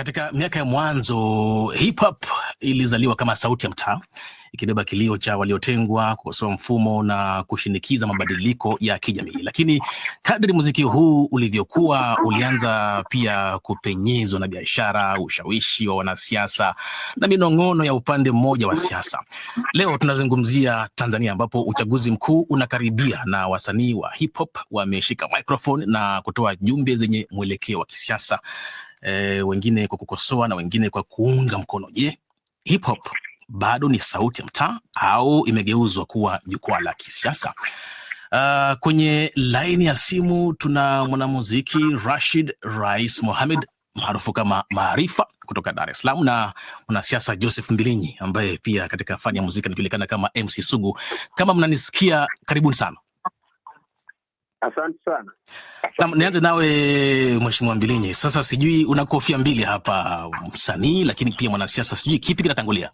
Katika miaka ya mwanzo hip hop ilizaliwa kama sauti ya mtaa, ikibeba kilio cha waliotengwa, kukosoa mfumo na kushinikiza mabadiliko ya kijamii. Lakini kadri muziki huu ulivyokuwa, ulianza pia kupenyezwa na biashara, ushawishi wa wanasiasa na minong'ono ya upande mmoja wa siasa. Leo tunazungumzia Tanzania, ambapo uchaguzi mkuu unakaribia na wasanii wa hip hop wameshika microphone na kutoa jumbe zenye mwelekeo wa kisiasa e, wengine kwa kukosoa na wengine kwa kuunga mkono. Je, hip hop bado ni sauti ya mtaa au imegeuzwa kuwa jukwaa la kisiasa? Uh, kwenye laini ya simu tuna mwanamuziki Rashid Rais Mohamed maarufu kama Maarifa kutoka Dar es Salaam na mwanasiasa Joseph Mbilinyi ambaye pia katika fani ya muziki anajulikana kama MC Sugu. Kama mnanisikia, karibuni sana. Asante sana. Na, nianze nawe Mheshimiwa Mbilinyi, sasa sijui una kofia mbili hapa, msanii lakini pia mwanasiasa, sijui kipi kinatangulia?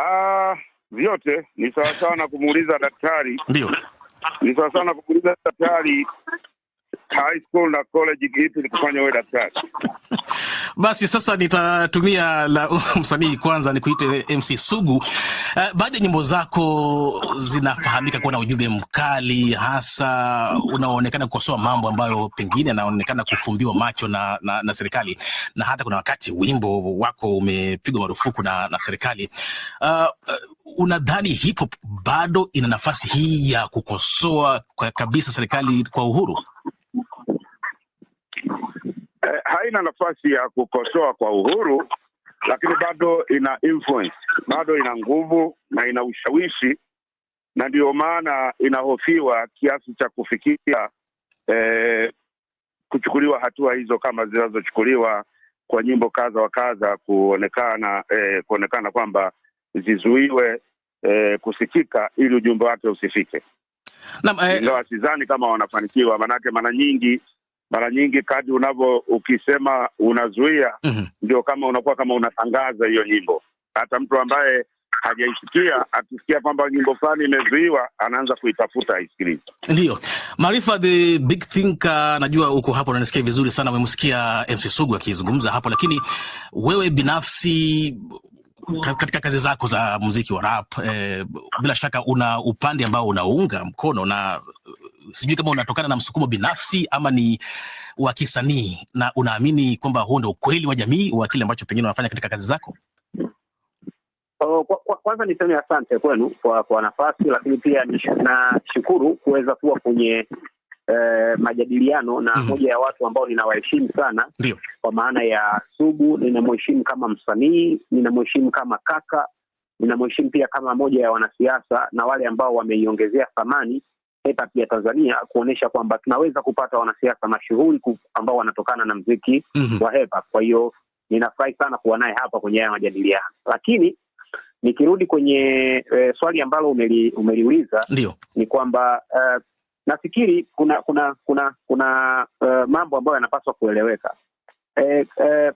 Ah, vyote ni sawasawa na kumuuliza daktari. Ndio, ni sawasawa na kumuuliza daktari high school na college kipi nikufanya daktari? Basi sasa nitatumia la msanii kwanza nikuite MC Sugu. Uh, baadhi ya nyimbo zako zinafahamika kuwa na ujumbe mkali, hasa unaonekana kukosoa mambo ambayo pengine yanaonekana kufumbiwa macho na, na, na serikali na hata kuna wakati wimbo wako umepigwa marufuku na, na serikali uh, unadhani hip hop bado ina nafasi hii ya kukosoa kabisa serikali kwa uhuru? haina nafasi ya kukosoa kwa uhuru, lakini bado ina influence, bado ina nguvu na ina ushawishi, na ndiyo maana inahofiwa kiasi cha kufikia eh, kuchukuliwa hatua hizo kama zinazochukuliwa kwa nyimbo kadha wa kadha kuonekana eh, kuonekana kwamba zizuiwe eh, kusikika ili ujumbe wake usifike. Naam, eh, sidhani kama wanafanikiwa, maanake mara nyingi mara nyingi kadi unavyo ukisema unazuia mm -hmm. Ndio kama unakuwa kama unatangaza hiyo nyimbo. Hata mtu ambaye hajaisikia akisikia kwamba nyimbo fulani imezuiwa anaanza kuitafuta aisikilize. ndio Maarifa the big thinker, najua uko hapo unanisikia vizuri sana, umemsikia MC Sugu akizungumza hapo, lakini wewe binafsi katika kazi zako za muziki wa rap eh, bila shaka una upande ambao unaunga mkono na sijui kama unatokana na msukumo binafsi ama ni wa kisanii, na unaamini kwamba huo ndo ukweli wa jamii wa kile ambacho pengine unafanya katika kazi zako? Oh, kwa, kwa niseme asante kwenu kwa, kwa nafasi, lakini pia nashukuru kuweza kuwa kwenye eh, majadiliano na mm -hmm. moja ya watu ambao ninawaheshimu sana Dio. kwa maana ya Sugu ninamheshimu kama msanii, ninamheshimu kama kaka, ninamheshimu pia kama moja ya wanasiasa na wale ambao wameiongezea thamani ya Tanzania kuonesha kwamba tunaweza kupata wanasiasa mashuhuri ambao wanatokana na mziki mm -hmm. wa hip Kwa hiyo ninafurahi sana kuwa naye hapa kwenye haya majadiliano, lakini nikirudi kwenye e, swali ambalo umeli, umeliuliza ndio ni kwamba uh, nafikiri kuna kuna kuna kuna uh, mambo ambayo yanapaswa kueleweka. E, uh,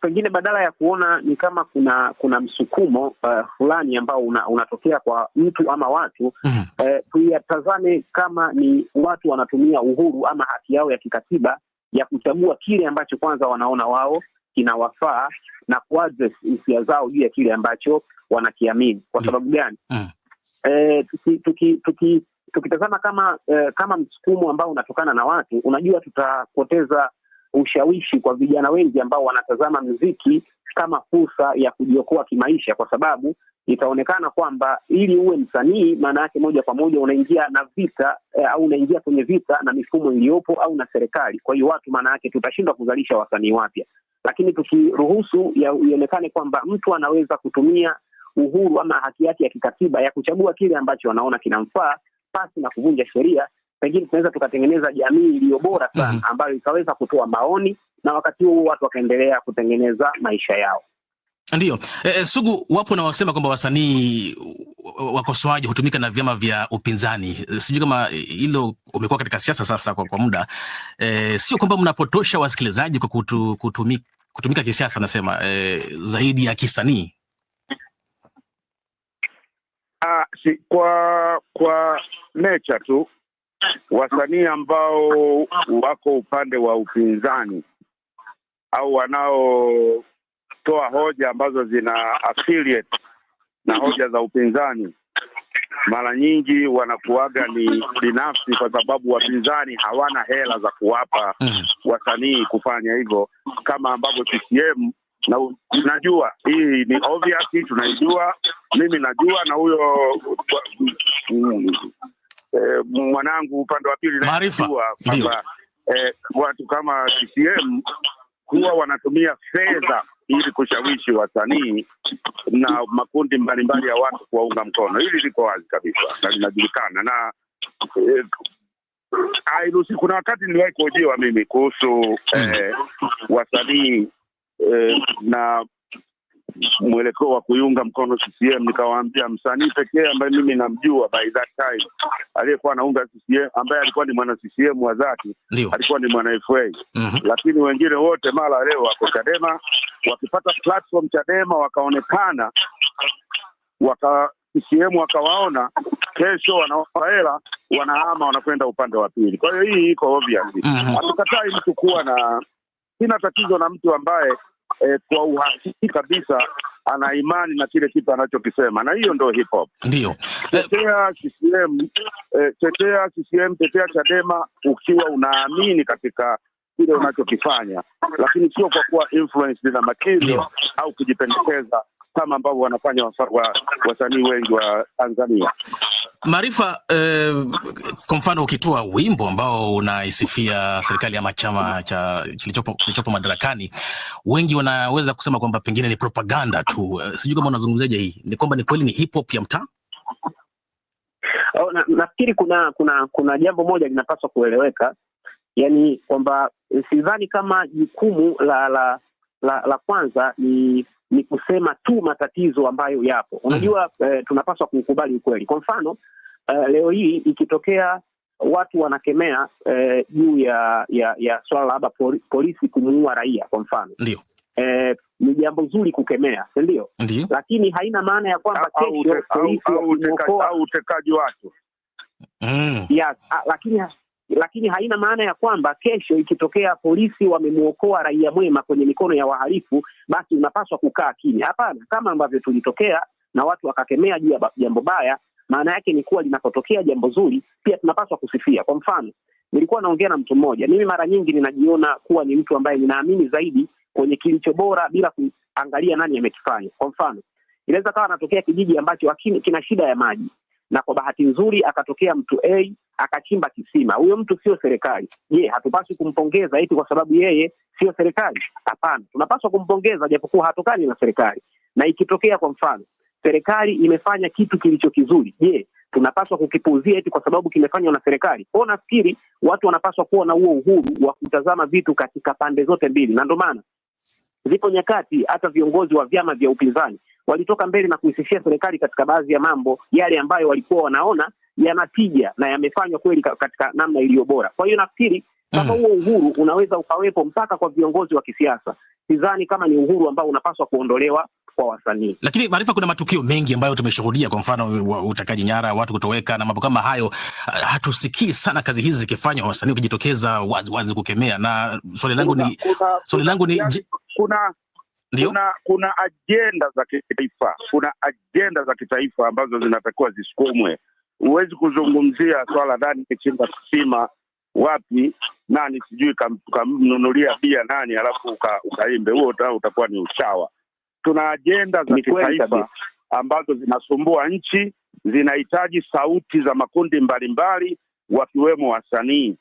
pengine badala ya kuona ni kama kuna kuna msukumo uh, fulani ambao una, unatokea kwa mtu ama watu mm. eh, tuyatazame kama ni watu wanatumia uhuru ama haki yao ya kikatiba ya kuchagua kile ambacho kwanza wanaona wao kinawafaa na ku hisia zao juu ya kile ambacho wanakiamini. Kwa sababu gani? mm. eh, tuki, tuki, tuki, tukitazama kama eh, kama msukumo ambao unatokana na watu, unajua tutapoteza ushawishi kwa vijana wengi ambao wanatazama mziki kama fursa ya kujiokoa kimaisha, kwa sababu itaonekana kwamba ili uwe msanii, maana yake moja kwa moja unaingia na vita eh, au unaingia kwenye vita na mifumo iliyopo au na serikali. Kwa hiyo watu, maana yake tutashindwa kuzalisha wasanii wapya, lakini tukiruhusu ionekane kwamba mtu anaweza kutumia uhuru ama haki yake ya kikatiba ya kuchagua kile ambacho anaona kinamfaa pasi na kuvunja sheria, pengine tunaweza tukatengeneza jamii iliyo bora sana mm -hmm. ambayo ikaweza kutoa maoni na wakati huo watu wakaendelea kutengeneza maisha yao. Ndiyo. E, eh, eh, Sugu, wapo na wasema kwamba wasanii wakosoaji hutumika na vyama vya upinzani. Eh, sijui kama hilo umekuwa katika siasa sasa kwa, kwa muda e, sio kwamba mnapotosha wasikilizaji kwa kutu, kutumika, kutumika kisiasa nasema e, zaidi ya kisanii ah, si, kwa kwa nature tu wasanii ambao wako upande wa upinzani au wanaotoa hoja ambazo zina affiliate na hoja za upinzani mara nyingi wanakuaga ni binafsi, kwa sababu wapinzani hawana hela za kuwapa wasanii kufanya hivyo, kama ambavyo CCM na najua hii ni obvious, tunaijua, mimi najua na huyo eh, mwanangu upande wa pili najua kwamba eh, watu kama CCM huwa wanatumia fedha ili kushawishi wasanii na makundi mbalimbali ya watu kuwaunga mkono. Hili liko wazi kabisa na linajulikana na eh, airusi. Kuna wakati niliwahi kuhojiwa mimi kuhusu hmm. eh, wasanii eh, na mwelekeo wa kuiunga mkono CCM, nikawaambia msanii pekee ambaye mimi namjua by that time aliyekuwa anaunga CCM, ambaye alikuwa ni mwana CCM wa dhati alikuwa ni mwana FA mm -hmm. Lakini wengine wote mara leo wako Chadema, wakipata platform Chadema wakaonekana waka CCM wakawaona, kesho wanaomba hela, wanahama, wanakwenda upande wa pili. Kwa hiyo hii iko obvious, mhm. hatukatai mtu kuwa na sina tatizo na mtu ambaye eh, kwa uhakiki kabisa ana imani na kile kitu anachokisema, na hiyo ndio hip hop. Ndio tetea CCM, eh, tetea CCM, tetea Chadema ukiwa unaamini katika kile unachokifanya, lakini sio kwa kuwa influence na makini au kujipendekeza kama ambavyo wanafanya wasanii wa, wa wengi wa Tanzania. Maarifa eh, kwa mfano ukitoa wimbo ambao unaisifia serikali ama chama cha kilichopo madarakani, wengi wanaweza kusema kwamba pengine ni propaganda tu. Eh, sijui kama unazungumziaje hii, ni kwamba ni kweli ni hip hop ya mtaa? Oh, na, kuna kuna kuna jambo moja linapaswa kueleweka, yani kwamba sidhani kama jukumu la la la, la kwanza ni ni kusema tu matatizo ambayo yapo. Mhm. Unajua eh, tunapaswa kukubali ukweli. Kwa mfano eh, leo hii ikitokea watu wanakemea eh, juu eh, ya ya, ya swala labda polisi kumuua raia kwa mfano, ndio eh, ni jambo zuri kukemea, si ndio? Lakini haina maana ya kwamba kesho polisi au utekaji watu mm. yes, a, lakini lakini haina maana ya kwamba kesho ikitokea polisi wamemwokoa raia mwema kwenye mikono ya wahalifu, basi unapaswa kukaa kimya. Hapana, kama ambavyo tulitokea na watu wakakemea juu ya jambo baya, maana yake ni kuwa linapotokea jambo zuri pia tunapaswa kusifia. Kwa mfano, nilikuwa naongea na mtu mmoja. Mimi mara nyingi ninajiona kuwa ni mtu ambaye ninaamini zaidi kwenye kilicho bora bila kuangalia nani amekifanya. Kwa mfano, inaweza kawa anatokea kijiji ambacho kina shida ya maji na kwa bahati nzuri akatokea mtu A akachimba kisima. Huyo mtu sio serikali. Je, hatupaswi kumpongeza eti kwa sababu yeye sio serikali? Hapana, tunapaswa kumpongeza japokuwa hatokani na serikali. Na ikitokea kwa mfano serikali imefanya kitu kilicho kizuri, je, tunapaswa kukipuuzia eti kwa sababu kimefanywa na serikali? Kwao nafikiri watu wanapaswa kuwa na huo uhuru wa kutazama vitu katika pande zote mbili, na ndio maana zipo nyakati hata viongozi wa vyama vya upinzani walitoka mbele na kuisifia serikali katika baadhi ya mambo yale ambayo walikuwa wanaona yanatija na yamefanywa kweli katika namna iliyo bora. Kwa hiyo nafikiri kama mm. huo uhuru unaweza ukawepo mpaka kwa viongozi wa kisiasa, sidhani kama ni uhuru ambao unapaswa kuondolewa kwa wasanii. Lakini maarifa, kuna matukio mengi ambayo tumeshuhudia, kwa mfano utekaji nyara, watu kutoweka na mambo kama hayo. Hatusikii sana kazi hizi zikifanywa, wasanii wakijitokeza waziwazi kukemea. Na swali langu ni swali langu ni kuna kuna, kuna ajenda za kitaifa, kuna ajenda za kitaifa ambazo zinatakiwa zisukumwe. Huwezi kuzungumzia swala nani kichimba kisima wapi, nani sijui kamnunulia kam, bia nani, alafu uka, ukaimbe huo utakuwa ni uchawa. Tuna ajenda za kitaifa ambazo zinasumbua nchi, zinahitaji sauti za makundi mbalimbali wakiwemo wasanii.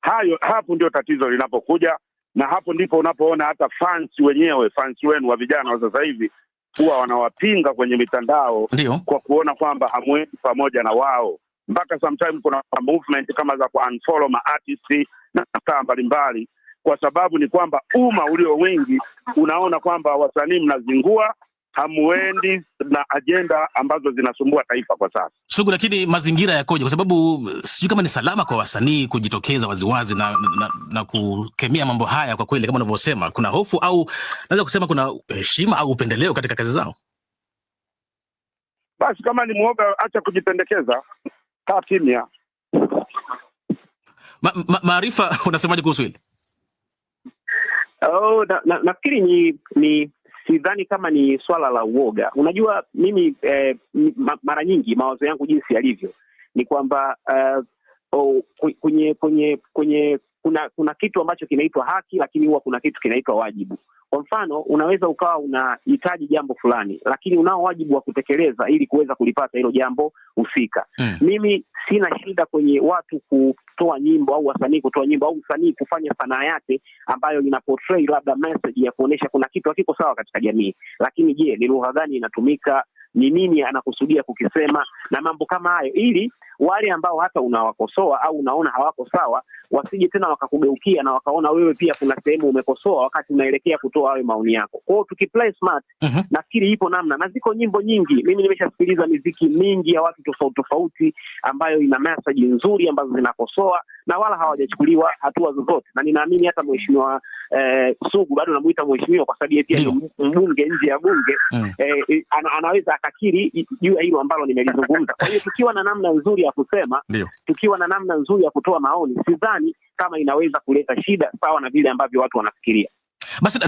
Hayo hapo ndio tatizo linapokuja na hapo ndipo unapoona hata fans wenyewe fans wenu wa vijana wa sasa hivi huwa wanawapinga kwenye mitandao Lio. kwa kuona kwamba hamwendi pamoja na wao mpaka sometimes kuna movement kama za ku unfollow ma artist na staa mbalimbali, kwa sababu ni kwamba umma ulio wengi unaona kwamba wasanii mnazingua hamuendi na ajenda ambazo zinasumbua taifa kwa sasa. Sugu, lakini mazingira yakoje? Kwa sababu uh, sijui kama ni salama kwa wasanii kujitokeza waziwazi na, na, na kukemea mambo haya. Kwa kweli, kama unavyosema, kuna hofu au naweza kusema kuna heshima au upendeleo katika kazi zao. Basi kama ni mwoga, acha kujipendekeza, kaa kimya. Maarifa ma, unasemaje kuhusu hili? Oh, nafikiri na, na ni, ni sidhani kama ni swala la uoga. Unajua mimi eh, mara nyingi mawazo yangu jinsi yalivyo ni kwamba uh, oh, kwenye kwenye kwenye kuna kuna kitu ambacho kinaitwa haki, lakini huwa kuna kitu kinaitwa wajibu. Kwa mfano, unaweza ukawa unahitaji jambo fulani, lakini unao wajibu wa kutekeleza ili kuweza kulipata hilo jambo husika. Hmm. Mimi sina shida kwenye watu kutoa nyimbo au wasanii kutoa nyimbo au msanii kufanya sanaa yake ambayo ina labda message ya kuonesha kuna kitu hakiko sawa katika jamii, lakini je, ni lugha gani inatumika? ni nini anakusudia kukisema na mambo kama hayo, ili wale ambao hata unawakosoa au unaona hawako sawa wasije tena wakakugeukia na wakaona wewe pia kuna sehemu umekosoa wakati unaelekea kutoa hayo maoni yako. Kwao tukiplay smart, uh mhm. -huh. Nafikiri ipo namna na ziko nyimbo nyingi, mimi nimeshasikiliza miziki mingi ya watu tofauti tofauti ambayo ina message nzuri ambazo zinakosoa na wala hawajachukuliwa hatua zozote, na ninaamini hata mheshimiwa eh, Sugu bado namuita mheshimiwa kwa sababu yeye pia ni mbunge nje ya bunge mm. eh, eh ana, anaweza akakiri juu ya hilo ambalo nimelizungumza. Kwa hiyo tukiwa na namna nzuri ya kusema Dio. tukiwa na namna nzuri ya kutoa maoni, sidhani kama inaweza kuleta shida sawa na vile ambavyo watu wanafikiria. Basi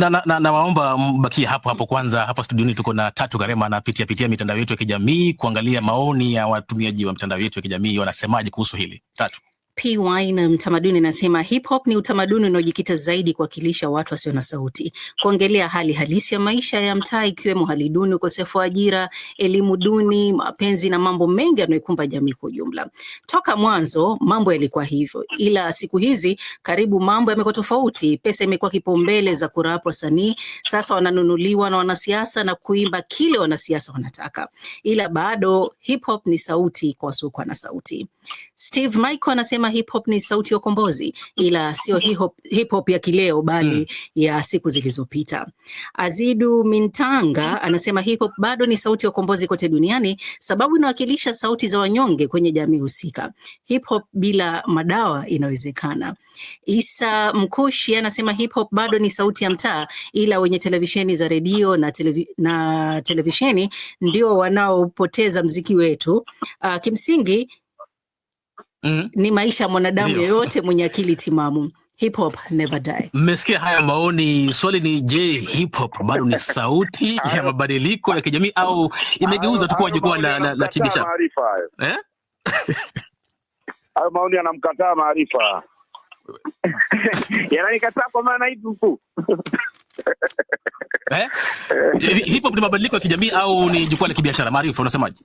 nawaomba na, na, na mbakie hapo hapo. Kwanza hapa studioni tuko na Tatu Karema anapitia pitia mitandao yetu ya kijamii kuangalia maoni ya watumiaji wa mitandao yetu ya kijamii wanasemaje kuhusu hili. Tatu. P mtamaduni anasema hip hop ni utamaduni unaojikita zaidi kuwakilisha watu wasio na sauti, kuongelea hali halisi ya maisha ya mtaa, ikiwemo hali duni, ukosefu wa ajira, elimu duni, mapenzi na mambo mengi yanayoikumba jamii kwa ujumla. Toka mwanzo mambo yalikuwa hivyo, ila siku hizi karibu mambo yamekuwa tofauti. Pesa imekuwa kipaumbele za kurap wasanii, sasa wananunuliwa na wanasiasa na kuimba kile wanasiasa wanataka, ila bado hip hop ni sauti kwa wasiokuwa na sauti. Steve Michael anasema hip hop ni sauti ya ukombozi, ila sio hip hop ya kileo, bali mm. ya siku zilizopita. Azidu Mintanga anasema hip hop bado ni sauti ya ukombozi kote duniani, sababu inawakilisha sauti za wanyonge kwenye jamii husika. Hip hop bila madawa inawezekana. Isa Mkushi anasema hip hop bado ni sauti ya mtaa, ila wenye televisheni za redio na, televi na televisheni ndio wanaopoteza mziki wetu. Uh, kimsingi Mm-hmm. ni maisha ya mwanadamu yoyote mwenye akili timamu. Hip hop never die. Mmesikia haya maoni. Swali ni je, hip hop bado ni sauti ya mabadiliko ya kijamii au imegeuza tu kuwa jukwaa la, la, la kibiashara? Eh? Hayo maoni yanamkataa maarifa yananikataa kwa maana hivi mkuu eh? Hip hop ni mabadiliko ya kijamii au ni jukwaa la kibiashara? Maarifa, unasemaje?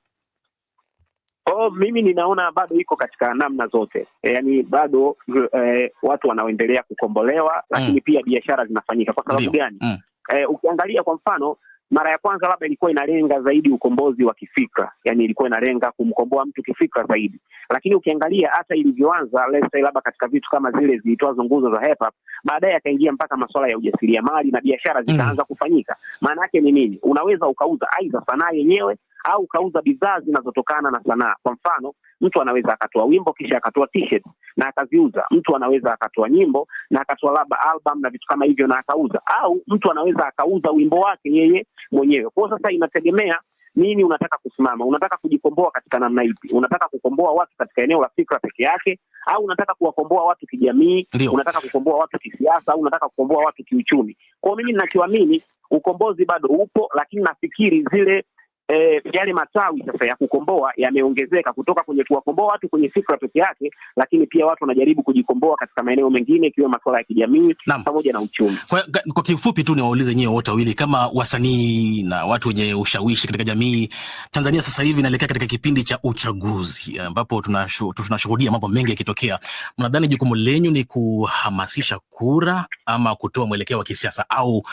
Kwa oh, hiyo mimi ninaona bado iko katika namna zote, yaani bado e, watu wanaoendelea kukombolewa, mm. lakini mm. pia biashara zinafanyika. Kwa sababu gani? mm. e, ukiangalia kwa mfano mara ya kwanza labda ilikuwa inalenga zaidi ukombozi wa kifikra, yani ilikuwa inalenga kumkomboa mtu kifikra zaidi, lakini ukiangalia hata ilivyoanza labda katika vitu kama zile ziitwazo nguzo za hepa baadaye akaingia mpaka masuala ya ujasiriamali na biashara zikaanza mm. kufanyika. Maana yake ni nini? Unaweza ukauza aidha sanaa yenyewe au kauza bidhaa zinazotokana na sanaa. Kwa mfano, mtu anaweza akatoa wimbo kisha akatoa t-shirt na akaziuza. Mtu anaweza akatoa nyimbo na akatoa labda album na vitu kama hivyo na akauza, au mtu anaweza akauza wimbo wake yeye mwenyewe. Kwa sasa inategemea nini unataka kusimama, unataka kujikomboa katika namna ipi? Unataka kukomboa watu katika eneo la fikra peke yake, au unataka kuwakomboa watu kijamii? Unataka kukomboa watu kisiasa, au unataka kukomboa watu kiuchumi? Kwa mimi ninachoamini, ukombozi bado upo, lakini nafikiri zile eh, yale matawi sasa ya kukomboa yameongezeka kutoka kwenye kuwakomboa watu kwenye fikra peke yake, lakini pia watu wanajaribu kujikomboa katika maeneo mengine ikiwemo masuala ya kijamii pamoja na uchumi. Kwa, kwa kifupi tu niwaulize nyie wote wawili, kama wasanii na watu wenye ushawishi katika jamii, Tanzania sasa hivi inaelekea katika kipindi cha uchaguzi ambapo tunashuhudia mambo mengi yakitokea. Mnadhani jukumu lenyu ni kuhamasisha kura ama kutoa mwelekeo wa kisiasa au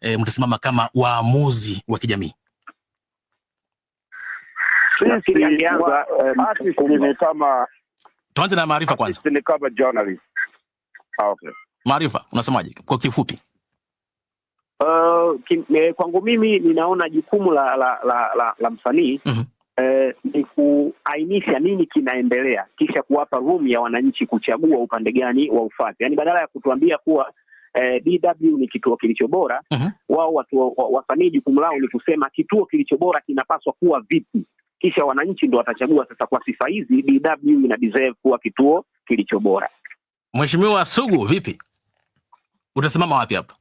e, mtasimama kama waamuzi wa kijamii? sisi ilianza ni kama tuanze na maarifa kwanza, ni kama journalist. Ah, okay, maarifa unasemaje kwa kifupi? Uh, eh, kwangu mimi ninaona jukumu la la la, la, la msanii mm -hmm. Eh, ni kuainisha nini kinaendelea, kisha kuwapa room ya wananchi kuchagua upande gani wa ufate, yaani badala ya kutuambia kuwa eh, DW ni kituo kilicho bora mm -hmm. Wao watu wasanii jukumu lao ni kusema kituo kilicho bora kinapaswa kuwa vipi kisha wananchi ndo watachagua sasa. Kwa sifa hizi, DW ina deserve kuwa kituo kilicho bora. Mheshimiwa Sugu, vipi, utasimama wapi hapa?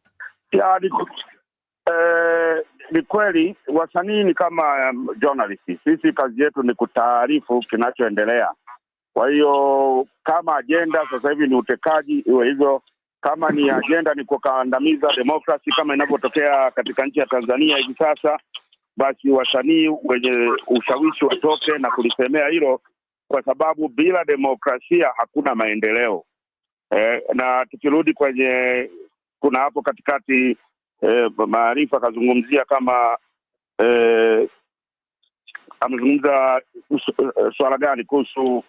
Eh, ni kweli wasanii ni kama um, journalist. Sisi kazi yetu ni kutaarifu kinachoendelea. Kwa hiyo kama ajenda sasa hivi ni utekaji, iwe hivyo. Kama ni ajenda ni kukandamiza demokrasi kama inavyotokea katika nchi ya Tanzania hivi sasa, basi wasanii wenye ushawishi watoke na kulisemea hilo, kwa sababu bila demokrasia hakuna maendeleo. Eh, na tukirudi kwenye kuna hapo katikati eh, maarifa akazungumzia kama eh, amezungumza eh, swala gani kuhusu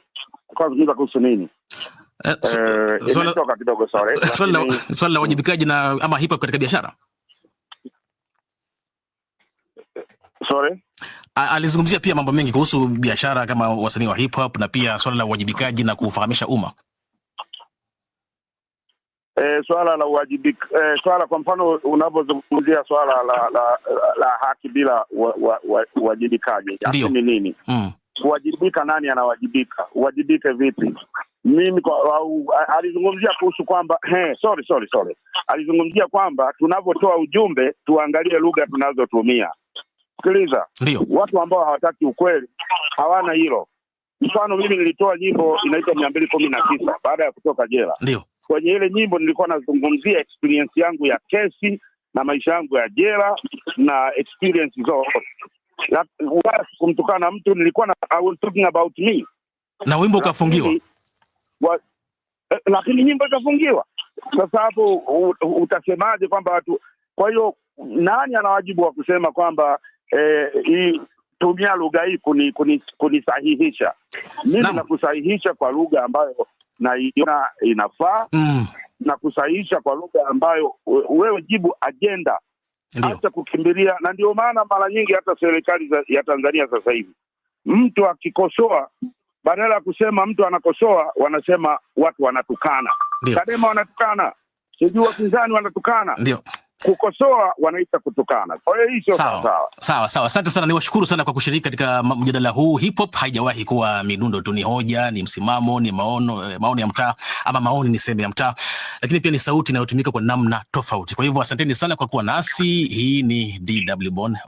kazungumza kuhusu nini? Uh, so, uh, swali la uwajibikaji na ama hip hop katika biashara Sorry? Alizungumzia pia mambo mengi kuhusu biashara kama wasanii wa hip hop na pia swala la uwajibikaji na kufahamisha umma. E, swala la uwajibik e, swala kwa mfano unavyozungumzia swala la la, la, la haki bila uwajibikaji yaani ni nini? Mm. Kuwajibika, nani anawajibika? Uwajibike vipi? Mimi kwa, au, alizungumzia kuhusu kwamba sorry, sorry, sorry, alizungumzia kwamba tunavyotoa ujumbe tuangalie lugha tunazotumia Sikiliza, watu ambao hawataki ukweli hawana hilo. Mfano, mimi nilitoa nyimbo inaitwa mia mbili kumi na tisa baada ya kutoka jela. Ndio kwenye ile nyimbo nilikuwa nazungumzia experience yangu ya kesi na maisha yangu ya jela na experience zote, kumtukana mtu, nilikuwa na I was talking about me, na wimbo ukafungiwa, lakini eh, nyimbo ikafungiwa. Sasa hapo utasemaje kwamba watu? Kwa hiyo nani ana wajibu wa kusema kwamba eh, tumia lugha hii kuni, kuni, kunisahihisha mimi nakusahihisha kwa lugha ambayo naiona inafaa mm. na kusahihisha kwa lugha ambayo wewe jibu ajenda hata kukimbilia, na ndio maana mara nyingi hata serikali ya Tanzania sasa hivi mtu akikosoa badala ya kusema mtu anakosoa, wanasema watu wanatukana. Kadema wanatukana, sijui wapinzani wanatukana. Ndio kukosoa wanaita kutukana. Kwa hiyo hii sio sawa. Sawa sawa, asante sana, niwashukuru sana kwa kushiriki katika mjadala huu. Hip hop haijawahi kuwa midundo tu, ni hoja, ni msimamo, ni maono, eh, maoni ya mtaa ama maoni ni niseme ya mtaa, lakini pia ni sauti inayotumika kwa namna tofauti. Kwa hivyo asanteni sana kwa kuwa nasi. Hii ni DW Bonn.